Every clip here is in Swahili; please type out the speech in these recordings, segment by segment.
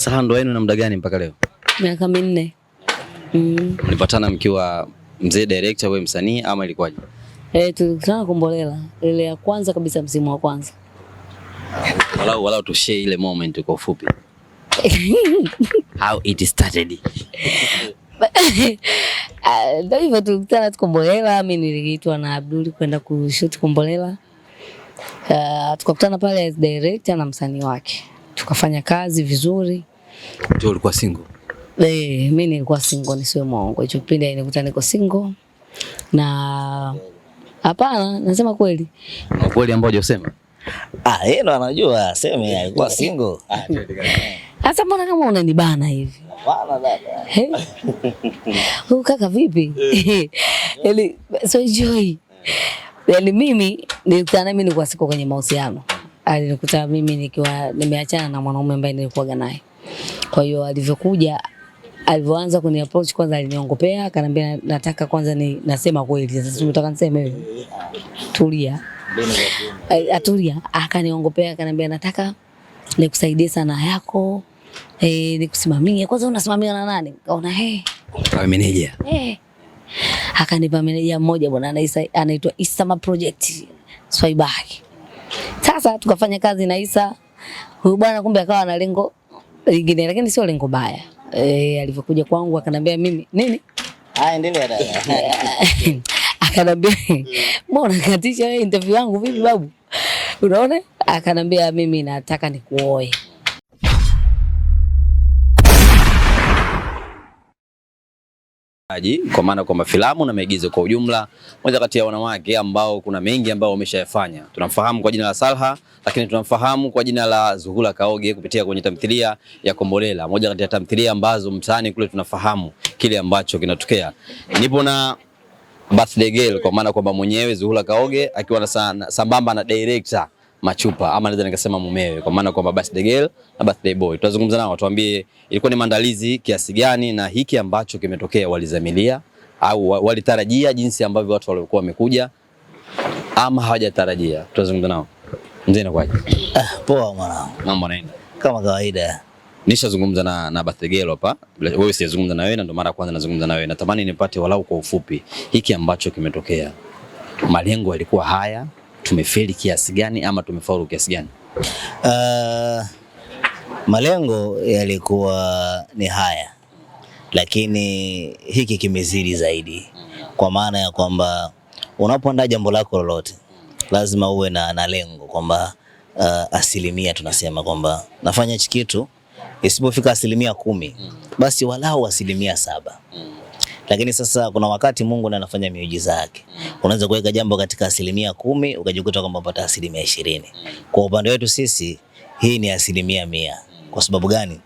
Sasa ndoa yenu na muda gani mpaka leo? Miaka minne. Mm. Mlipatana mkiwa mzee director, wewe msanii ama ilikuwaje? Eh, tulikutana Kombolela ile ya kwanza kabisa, msimu wa kwanza. Walau walau tu share ile moment kwa ufupi. How it started. Ah, ndio hivyo tulikutana Kombolela, mimi niliitwa na Abdul kwenda kushoot Kombolela. Uh, tukakutana pale director na msanii wake tukafanya kazi vizuri ndio ulikuwa single? Eh, mimi nilikuwa single, nisiwe mwongo. Hicho kipindi nilikuta niko single na hapana, nasema kweli. Na kweli ambao hujasema? Ah, yeye ndo anajua, sema alikuwa single. Ah, Sasa mbona kama unanibana hivi? Hapana dada. Hey. Eh? kaka vipi? Eh. Eli, so enjoy. Yaani mimi nilikutana mimi nilikuwa siko kwenye mahusiano. Alinikuta mimi nikiwa nimeachana na mwanaume ambaye nilikuwa naye. Kwa hiyo alivyokuja alivyoanza kuni approach kwanza aliniongopea, akaniambia nataka kwanza ni nasema kweli. Sasa unataka niseme tulia. Eh, atulia, akaniongopea akaniambia nataka nikusaidie sana yako. Eh, nikusimamie. Kwanza unasimamia na nani? Kaona eh. Kwa manager Eh. Akanipa manager mmoja bwana anaitwa Isama Project Swaibaki. Sasa tukafanya kazi na Isa. Huyu bwana kumbe akawa na lengo lingine, lakini sio lengo baya. E, alivyokuja kwangu akanambia mimi nini, endelea dada akanambia mbona katisha wewe interview yangu vipi babu, unaona, akanambia mimi nataka nikuoe kwa maana kwa mafilamu na maigizo kwa ujumla, moja kati ya wanawake ambao kuna mengi ambao wameshayafanya. Tunamfahamu kwa jina la Salha, lakini tunamfahamu kwa jina la Zuhura Kaoge kupitia kwenye tamthilia ya Kombolela, moja kati ya tamthilia ambazo mtaani kule tunafahamu kile ambacho kinatokea. Nipo na birthday girl kwa maana kwamba mwenyewe Zuhura Kaoge akiwa na sambamba na director Machupa ama naweza nikasema mumewe, kwa maana kwamba birthday girl na birthday boy. Tutazungumza nao tuambie ilikuwa ni maandalizi kiasi gani na hiki ambacho kimetokea walizamilia au walitarajia jinsi ambavyo watu walikuwa wamekuja ama hawajatarajia. Tutazungumza nao. Mzee nakwaje? Ah, poa mwanangu. Mambo yanaenda kama kawaida. Nishazungumza na na birthday girl hapa. Wewe sijazungumza na wewe na ndio mara kwanza nazungumza na wewe. Natamani nipate walau kwa ufupi hiki ambacho kimetokea. Malengo yalikuwa haya tumefeli kiasi gani ama tumefaulu kiasi gani? Uh, malengo yalikuwa ni haya, lakini hiki kimezidi zaidi, kwa maana ya kwamba unapoandaa jambo lako lolote lazima uwe na, na lengo kwamba uh, asilimia tunasema kwamba nafanya hichi kitu isipofika asilimia kumi basi walau asilimia saba lakini sasa kuna wakati Mungu anafanya miujiza yake. Unaweza kuweka jambo katika asilimia kumi ukajikuta kwamba unapata asilimia ishirini. Kwa upande wetu sisi hii ni asilimia mia. Kwa sababu gani?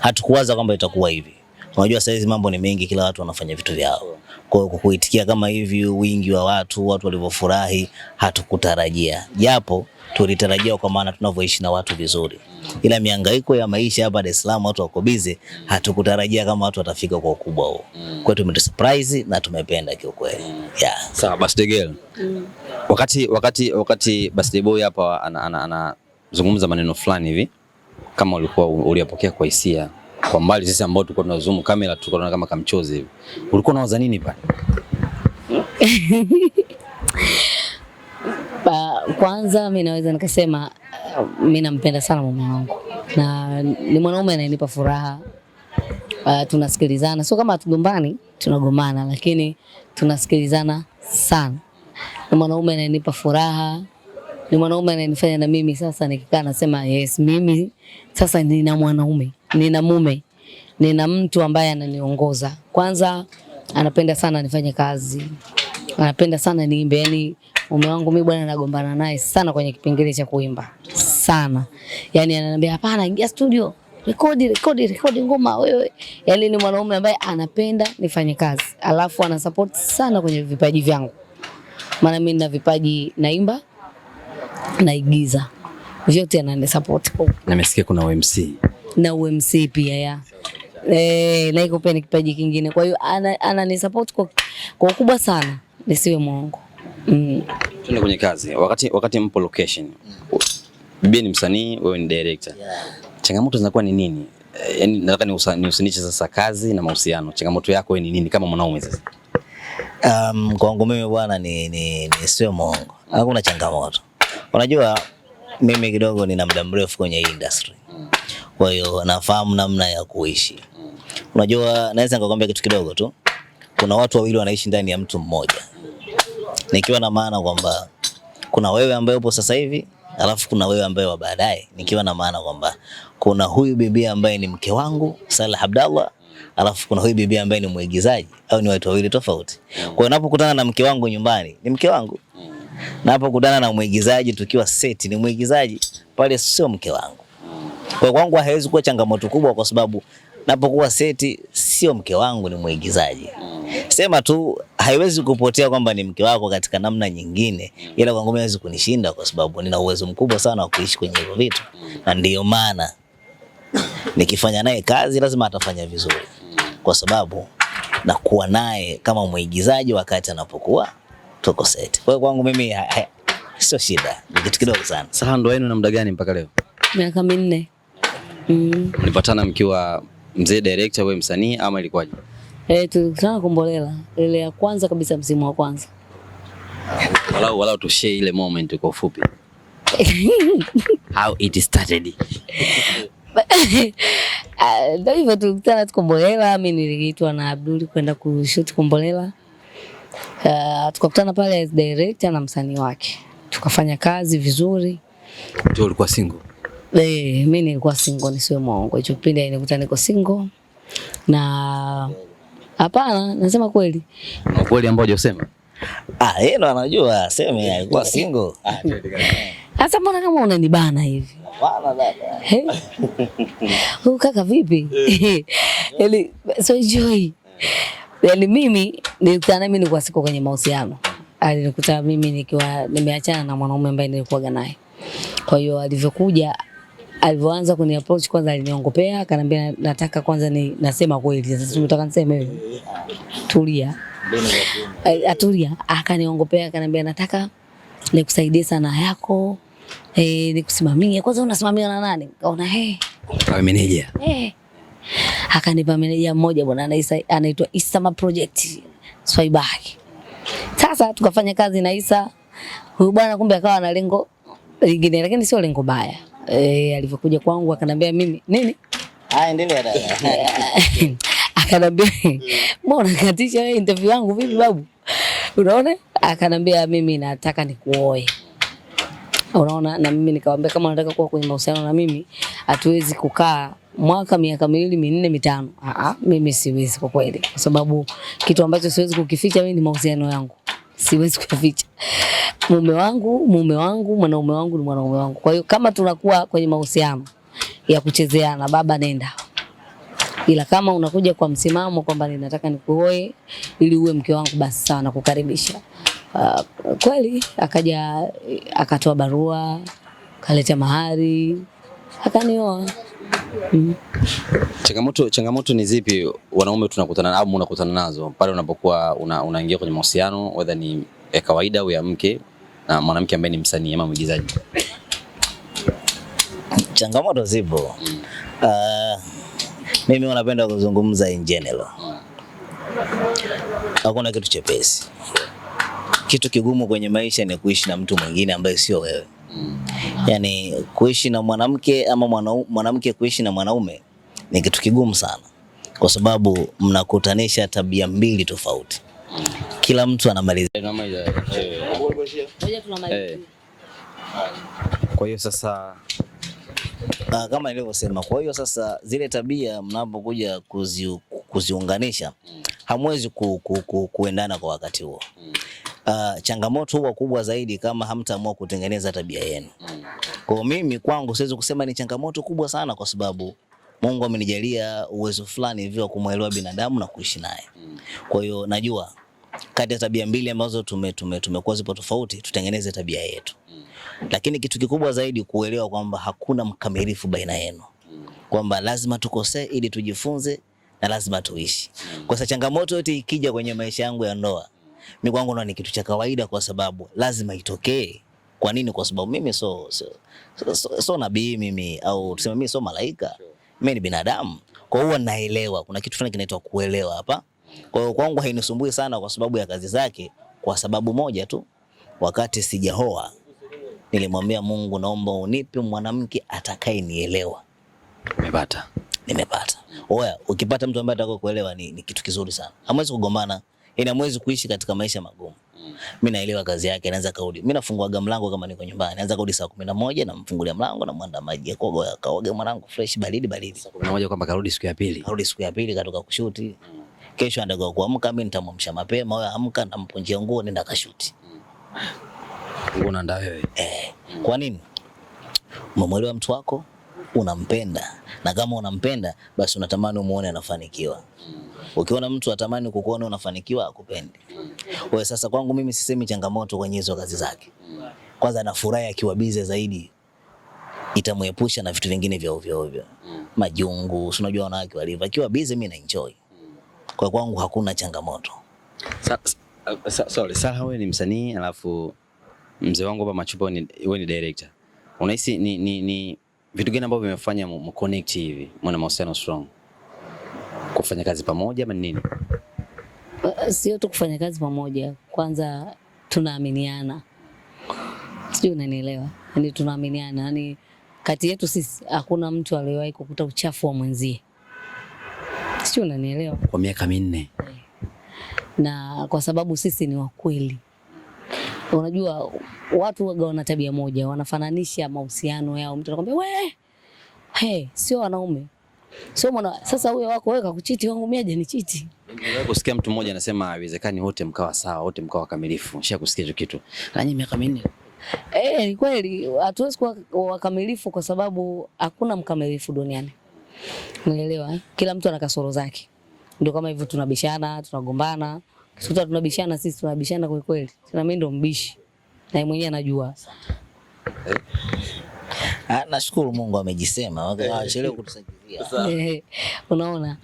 Hatukuwaza kwamba itakuwa hivi. Unajua saa hizi mambo ni mengi, kila watu wanafanya vitu vyao. Kwa hiyo kuitikia kama hivi, wingi wa watu, watu walivyofurahi, hatukutarajia japo tulitarajia kwa maana tunavyoishi na watu vizuri, ila miangaiko ya maisha hapa Dar es Salaam watu wako busy, hatukutarajia kama watu watafika kwa ukubwa huo. Mm. Kwa hiyo tumetusurprise na tumependa kiukweli. Mm. Yeah. Sawa, Birthday Girl. Mm. Wakati wakati wakati Birthday Boy hapa anazungumza ana, maneno fulani hivi kama ulikuwa uliyapokea kwa hisia kwa mbali, sisi ambao tulikuwa tunazoom kamera tulikuwa kama kamchozi hivi, ulikuwa unawaza nini pale? kwanza mi naweza nikasema uh, mi nampenda sana mume wangu na ni mwanaume anayenipa furaha uh, tunasikilizana, sio kama hatugombani, tunagombana lakini tunasikilizana sana. Ni mwanaume anayenipa furaha, ni mwanaume anayenifanya na mimi sasa nikikaa nasema yes, mimi sasa nina mwanaume, nina mume, nina mtu ambaye ananiongoza. Kwanza anapenda sana nifanye kazi, anapenda sana niimbe, yani mume wangu mimi bwana, nagombana naye sana kwenye kipengele cha kuimba sana, yani ananiambia hapana, ingia studio rekodi rekodi rekodi ngoma wewe. Yani ni mwanaume ambaye anapenda nifanye kazi, alafu ana support sana kwenye vipaji vyangu, maana mimi nina vipaji, naimba, naigiza, vyote anani support. Nimesikia kuna OMC. na OMC pia ya eh, na iko pia ni kipaji kingine, kwa hiyo anani support kwa ukubwa sana, nisiwe mwongo mm. Tuende kwenye kazi. Wakati, wakati mpo location mm. Bibi ni msanii, wewe ni director yeah. Changamoto zinakuwa ni nini? Yaani nataka ni usinichi sasa kazi na mahusiano. Changamoto yako wewe ni nini kama mwanaume sasa? Um, kwangu mimi bwana ni, ni, ni sio mongo, hakuna changamoto. Unajua mimi kidogo nina muda mrefu kwenye industry, kwa hiyo nafahamu namna ya kuishi. Mm. Unajua naweza nikakwambia kitu kidogo tu, kuna watu wawili wanaishi ndani ya mtu mmoja nikiwa na maana kwamba kuna wewe ambaye upo sasa hivi alafu kuna wewe ambaye wa baadaye, nikiwa na maana kwamba kuna huyu bibi ambaye ni mke wangu Salah Abdallah, alafu kuna huyu bibi ambaye ni mwigizaji, au ni watu wawili tofauti. Kwa hiyo napokutana na mke wangu nyumbani ni mke wangu, napokutana na mwigizaji tukiwa seti ni mwigizaji pale, sio mke wangu. Kwa kwangu haiwezi kuwa changamoto kubwa, kwa sababu napokuwa seti, sio mke wangu, ni mwigizaji. Sema tu haiwezi kupotea kwamba ni mke wako katika namna nyingine, ila kwangu mimi haiwezi kunishinda kwa sababu nina uwezo mkubwa sana wa kuishi kwenye hivyo vitu, na ndio maana nikifanya naye kazi lazima atafanya vizuri, kwa sababu nakuwa naye kama mwigizaji wakati anapokuwa tuko seti. Kwa hiyo kwangu mimi sio shida, ni kitu kidogo sana. Sasa ndoa yenu na muda gani mpaka leo? Miaka minne. Mm. Mlipatana mkiwa mzee director, wewe msanii ama ilikuwaje? Eh, tulikutana Kombolela ile ya kwanza kabisa, msimu wa kwanza. Walau walau tu share ile moment kwa ufupi. How it started. Ah, ndio hivyo tulikutana tu Kombolela, mimi niliitwa na Abdul kwenda kushoot Kombolela. Uh, tukakutana pale director na msanii wake tukafanya kazi vizuri. Ndio ulikuwa single? Eh, mimi nilikuwa single nisiwe mwongo. Hicho kipindi nilikuta niko single na hapana, nasema kweli. Kweli ambao hujasema? Ah, yeye ndo anajua, aseme alikuwa single. Sasa ah, mbona kama unanibana hivi? Bana dada. Hey. Eh? Kaka vipi? Eli eh. yaani, so enjoy. Yaani mimi nilikutana mimi nilikuwa siko kwenye mahusiano. Alinikuta mimi nikiwa nimeachana na mwanaume ambaye nilikuwa naye. Kwa hiyo alivyokuja alivyoanza kuni approach kwanza aliniongopea, akaniambia nataka kwanza ni nasema kweli. Sasa tunataka niseme wewe. Tulia. Eh, atulia, akaniongopea akaniambia nataka nikusaidie sana yako. Eh, nikusimamie. Kwanza unasimamia na nani? Kaona hey. Eh. Kwa manager. Eh. Akanipa manager mmoja bwana anaitwa Isama Project Swaibaki. Sasa tukafanya kazi na Isa. Huyu bwana kumbe akawa na lengo lingine, lakini sio lengo baya eh, alivyokuja kwangu akanambia mimi nini, endelea dada akanambia mbona katisha wewe interview yangu vipi babu, unaona? Akanambia mimi nataka nikuoe, unaona. Na mimi nikamwambia kama nataka kuwa kwenye mahusiano na mimi, hatuwezi kukaa mwaka, miaka miwili, minne, mitano. Aa, mimi siwezi kwa kweli, kwa sababu kitu ambacho siwezi kukificha mimi ni mahusiano yangu siwezi kuficha mume wangu, mume wangu, mwanaume wangu ni mwanaume wangu. Kwa hiyo kama tunakuwa kwenye mahusiano ya kuchezeana, baba nenda, ila kama unakuja kwa msimamo kwamba ninataka nikuoe ili uwe mke wangu, basi sawa, nakukaribisha. Uh, kweli akaja akatoa barua, kaleta mahari, akanioa mm. Changamoto, changamoto ni zipi wanaume tunakutana au unakutana nazo pale unapokuwa unaingia una kwenye mahusiano whether ni ya eh, kawaida au ya mke na mwanamke ambaye ni msanii ama mwigizaji? Changamoto zipo mm. Uh, mimi wanapenda kuzungumza in general mm. Hakuna kitu chepesi. Kitu kigumu kwenye maisha ni kuishi na mtu mwingine ambaye sio wewe yani kuishi na mwanamke ama mwanamke kuishi na mwanaume ni kitu kigumu sana, kwa sababu mnakutanisha tabia mbili tofauti. Kila mtu anamaliza. Eh, eh. Eh. Kwa hiyo sasa na ah, kama nilivyosema, kwa hiyo sasa zile tabia mnapokuja kuzi, kuziunganisha hamwezi ku, ku, ku, kuendana kwa wakati huo uh, changamoto huwa kubwa zaidi kama hamtaamua kutengeneza tabia yenu. Kwa mimi kwangu siwezi kusema ni changamoto kubwa sana, kwa sababu Mungu amenijalia uwezo fulani hivi wa kumwelewa binadamu na kuishi naye. Kwa hiyo najua kati ya tabia mbili ambazo tume tume tumekuwa zipo tofauti, tutengeneze tabia yetu. Lakini kitu kikubwa zaidi kuelewa kwamba hakuna mkamilifu baina yenu, kwamba lazima tukosee ili tujifunze na lazima tuishi. Kwa sababu changamoto yote ikija kwenye maisha yangu ya ndoa mimi kwangu naona ni kitu cha kawaida, kwa sababu lazima itokee. Kwa nini? Kwa sababu mimi so, so, so, so, so nabii mimi, au tuseme mimi so malaika, mimi ni binadamu. Kwa hiyo naelewa kuna kitu fulani kinaitwa kuelewa hapa. Kwa hiyo kwangu hainisumbui sana kwa sababu ya kazi zake, kwa sababu moja tu, wakati sijaoa nilimwambia Mungu, naomba unipe mwanamke atakaye nielewa. Nimepata, nimepata. Oya, ukipata mtu ambaye atakuelewa ni, ni kitu kizuri sana, hamwezi kugombana ina mwezi kuishi katika maisha magumu. Mimi naelewa kazi yake, naanza kaudi. Mimi nafunguaga mlango kama niko nyumbani, naanza kaudi saa 11 namfungulia mlango na mwanda maji kwa kaoga mwanangu fresh baridi baridi. Saa 11 kwamba karudi siku ya pili. Karudi siku ya pili katoka kushuti. Kesho anataka kuamka, mimi nitamwamsha mapema, wewe amka, na mponjia nguo nenda kashuti. Nguo na ndio wewe. Eh. Kwa nini? Umemwelewa mtu wako? unampenda, na kama unampenda basi unatamani umuone anafanikiwa. Ukiona mtu atamani kukuona unafanikiwa, akupendi wewe. Sasa kwangu mimi sisemi changamoto kwenye hizo kazi zake, kwanza anafurahi akiwa bize zaidi itamuepusha na vitu vingine vya ovyo ovyo, majungu, si unajua wanawake walivyo. Akiwa busy mimi na enjoy, kwa kwangu hakuna changamoto. Sa, sa, sorry Sala, wewe ni msanii alafu mzee wangu hapa Machupa, wewe ni director, unahisi ni, ni, ni Vitu gani ambavyo vimefanya mconnect hivi mwana mahusiano strong? Kufanya kazi pamoja ama nini? Uh, sio tu kufanya kazi pamoja, kwanza tunaaminiana, sijui unanielewa, yani tunaaminiana, yani kati yetu sisi hakuna mtu aliyewahi kukuta uchafu wa mwenzie, sijui unanielewa, kwa miaka minne eh. na kwa sababu sisi ni wakweli Unajua watu waga wana tabia moja, wanafananisha mahusiano yao. Mtu anakuambia we, hey, sio wanaume sio mwana. Sasa huyo wako wewe kakuchiti, wangu mimi ni chiti. Kusikia mtu mmoja anasema haiwezekani wote mkawa sawa, wote mkawa kamilifu. Nisha kusikia hicho kitu na nyinyi miaka minne. Eh, ni kweli hatuwezi kuwa wakamilifu kwa sababu hakuna mkamilifu duniani. Unaelewa? Eh? Kila mtu ana kasoro zake. Ndio kama hivyo tunabishana, tunagombana sikuta tunabishana sisi, tunabishana kwa kweli. Sina mimi ndo mbishi na mwenyewe anajua. Eh. Ah, nashukuru Mungu amejisema, eh. wachelewe kutusajilia. Eh, Unaona,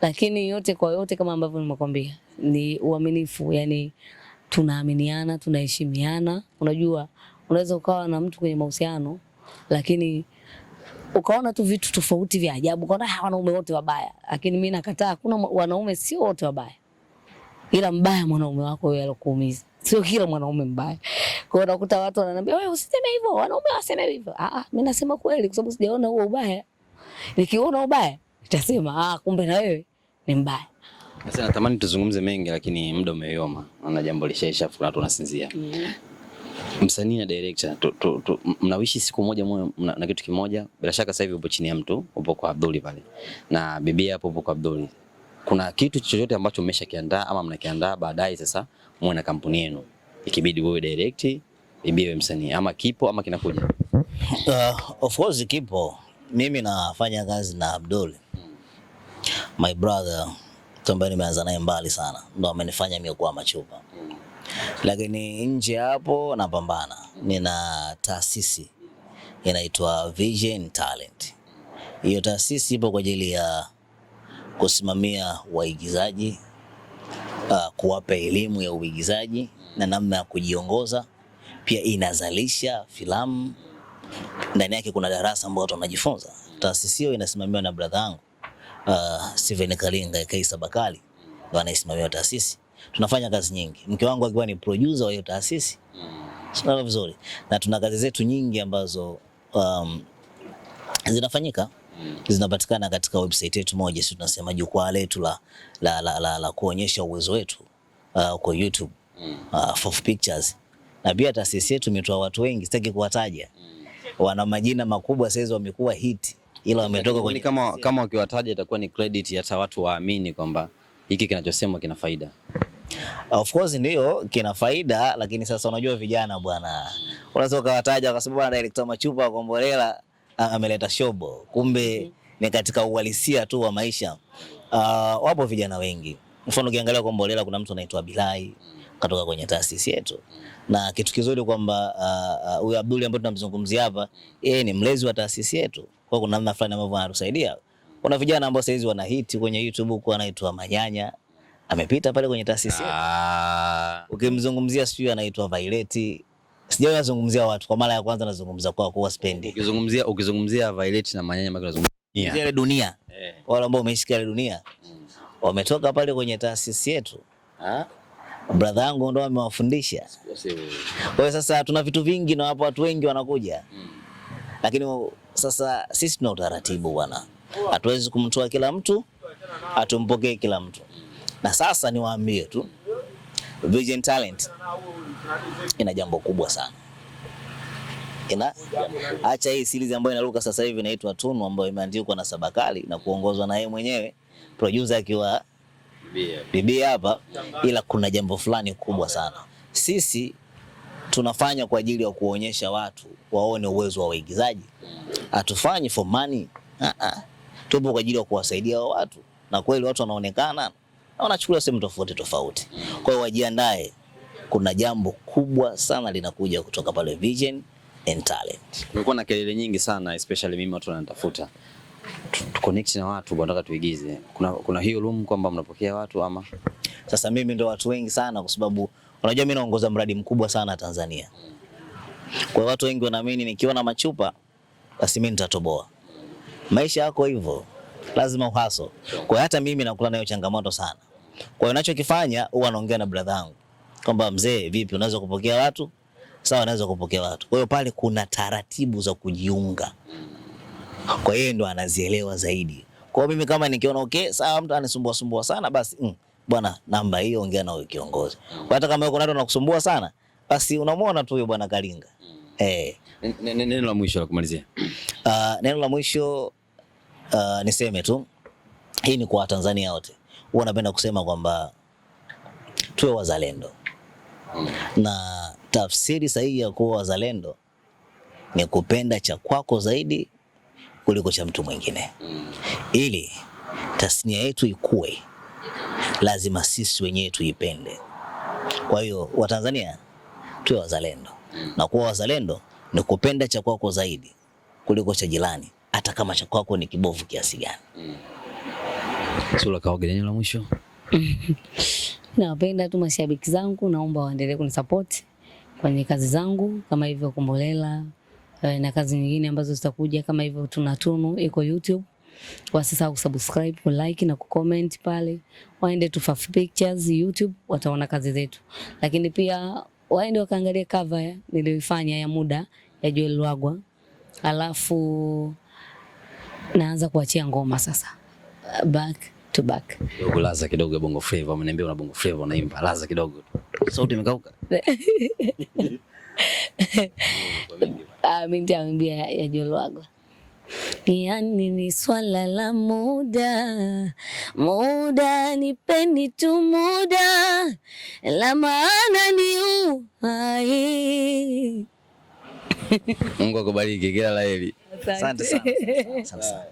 lakini yote kwa yote, kama ambavyo nimekwambia, ni uaminifu, yani tunaaminiana, tunaheshimiana. Unajua, unaweza ukawa na mtu kwenye mahusiano lakini ukaona tu vitu tofauti vya ajabu, ukaona ah, wanaume wote wabaya, lakini mimi nakataa, kuna wanaume sio wote wabaya ila mbaya mwanaume wako wewe alokuumiza, sio kila mwanaume mbaya. Kwa hiyo unakuta watu wananiambia wewe usiseme hivyo, wanaume waseme hivyo. Ah ah, mimi nasema kweli kwa sababu sijaona huo ubaya. Nikiona ubaya nitasema ah, kumbe na wewe ni mbaya. Sasa natamani tuzungumze mengi, lakini muda umeyoma, na jambo lishaisha, afu watu wanasinzia. Mm. Msanii na director tu, tu, tu, mnawishi siku moja moyo na kitu kimoja. Bila shaka sasa hivi upo chini ya mtu, upo kwa Abduli pale na bibi hapo, upo kwa Abduli kuna kitu chochote ambacho mmeshakiandaa ama mnakiandaa baadaye, sasa muwe na kampuni yenu, ikibidi wewe direct ibie wewe msanii, ama kipo ama kinakuja? Uh, of course kipo. Mimi nafanya kazi na Abdul, my brother, tumbe, nimeanza naye mbali sana, ndo amenifanya mimi kuwa machupa, lakini nje hapo napambana. Nina taasisi inaitwa Vision Talent. Hiyo taasisi ipo kwa ajili ya kusimamia waigizaji uh, kuwapa elimu ya uigizaji na namna ya kujiongoza. Pia inazalisha filamu, ndani yake kuna darasa ambayo watu wanajifunza. Taasisi hiyo inasimamiwa na brother yangu uh, Steven Kalinga Kaisa Bakali, ndio anaisimamia taasisi. Tunafanya kazi nyingi, mke wangu akiwa ni producer wa hiyo taasisi vizuri, na tuna kazi zetu nyingi ambazo um, zinafanyika mm. zinapatikana katika website yetu moja, si tunasema jukwaa letu la, la, la, la, la kuonyesha uwezo wetu uh, kwa YouTube mm. uh, Fof Pictures na pia taasisi yetu imetoa watu wengi, sitaki kuwataja mm. wana majina makubwa sasa, wamekuwa hit ila wametoka kwenye kama kama ukiwataja itakuwa ni credit, hata watu waamini kwamba hiki kinachosemwa kina faida. Of course ndio kina faida, lakini sasa unajua vijana bwana, unaweza ukawataja kwa sababu ana director machupa wa Kombolela Ah, ameleta shobo, kumbe mhm. ni katika uhalisia tu wa maisha. Uh, wapo vijana wengi, mfano ukiangalia kwa Mbolela kuna mtu anaitwa Bilai katoka kwenye taasisi yetu, na kitu kizuri kwamba ah, huyu uh, uh, Abduli ambaye tunamzungumzia hapa, yeye ni mlezi wa taasisi yetu, kwa kuna namna fulani ambavyo anatusaidia. Kuna vijana ambao saizi hit kwenye YouTube kwa anaitwa Manyanya amepita pale kwenye taasisi yetu, ukimzungumzia sijui anaitwa Vaileti Sijawahi nazungumzia watu, kwa mara ya kwanza nazungumza kwa huwa spendi. Ukizungumzia ukizungumzia Violet na Manyanya mako nazungumzia yeah. ile dunia. Yeah. Wale ambao wameishi ile dunia. Mm. Wametoka pale kwenye taasisi yetu. Ah. Brother yangu ndo amewafundisha. Kwa hiyo sasa tuna vitu vingi na wapo watu wengi wanakuja. Mm. Lakini sasa sisi tuna utaratibu bwana. Hatuwezi kumtoa kila mtu, hatumpokee kila mtu. Mm. Na sasa niwaambie tu Vision Talent ina jambo kubwa sana ina acha hii series ambayo inaruka sasa hivi inaitwa Tunu ambayo imeandikwa na Sabakali na kuongozwa na yeye mwenyewe producer akiwa bibi hapa, ila kuna jambo fulani kubwa sana. Sisi tunafanya kwa ajili ya kuonyesha watu waone uwezo wa waigizaji, hatufanyi for money. Ah ah, tupo kwa ajili ya kuwasaidia wa watu, na kweli watu wanaonekana na wanachukuliwa sehemu tofauti tofauti. Kwa hiyo wajiandae kuna jambo kubwa sana linakuja kutoka pale Vision and Talent. Kumekuwa na kelele nyingi sana especially mimi watu wanatafuta connect na watu wanataka tuigize. Kuna, kuna hiyo room kwamba mnapokea watu ama? Sasa mimi ndo watu wengi sana kwa sababu unajua mimi naongoza mradi mkubwa sana Tanzania. Kwa watu wengi wanaamini nikiwa na machupa basi mimi nitatoboa. Maisha yako hivyo, lazima uhaso. Kwa hata mimi nakula nayo changamoto sana. Kwa hiyo nachokifanya huwa naongea na brother wangu kwamba mzee, vipi, unaweza kupokea watu? Sawa, naweza kupokea watu. Kwa hiyo pale kuna taratibu za kujiunga, kwa hiyo ndo anazielewa zaidi. Kwa mimi kama nikiona okay, sawa, mtu anisumbua sumbua sana, basi mm, bwana, namba hiyo, ongea na kiongozi. Kwa hata kama yuko na mtu anakusumbua sana, basi unamwona tu huyo bwana Kalinga. Mm. Eh, neno la mwisho la kumalizia, ah, neno la mwisho ah, niseme tu, hii ni kwa Tanzania wote, huwa napenda kusema kwamba tuwe wazalendo na tafsiri sahihi ya kuwa wazalendo ni kupenda cha kwako zaidi kuliko cha mtu mwingine. Ili tasnia yetu ikue, lazima sisi wenyewe tuipende. Kwa hiyo Watanzania tuwe wazalendo, na kuwa wazalendo ni kupenda cha kwako zaidi kuliko cha jirani, hata kama cha kwako ni kibovu kiasi gani. Sura kaoga neno la mwisho Nawapenda tu mashabiki zangu, naomba waendelee kunisupport kwenye kazi zangu kama hivyo Kombolela eh, na kazi nyingine ambazo zitakuja kama hivyo Tunatunu iko YouTube. Wasisahau kusubscribe, kulike na kucomment pale. Waende tu Fafi Pictures YouTube wataona kazi zetu. Lakini pia waende wakaangalie cover niliyoifanya ya muda ya Joel Lwagwa. Alafu naanza kuachia ngoma sasa. Back to back. Kidogo laza kidogo bongo flavor. Ameniambia una bongo flavor unaimba. Laza kidogo. Sauti imekauka. Ah, mimi nitaambia ya Jolwago. Yani ni swala la muda, muda nipeni tu muda, la maana ni uhai. Mungu akubariki kila la heri. Asante sana.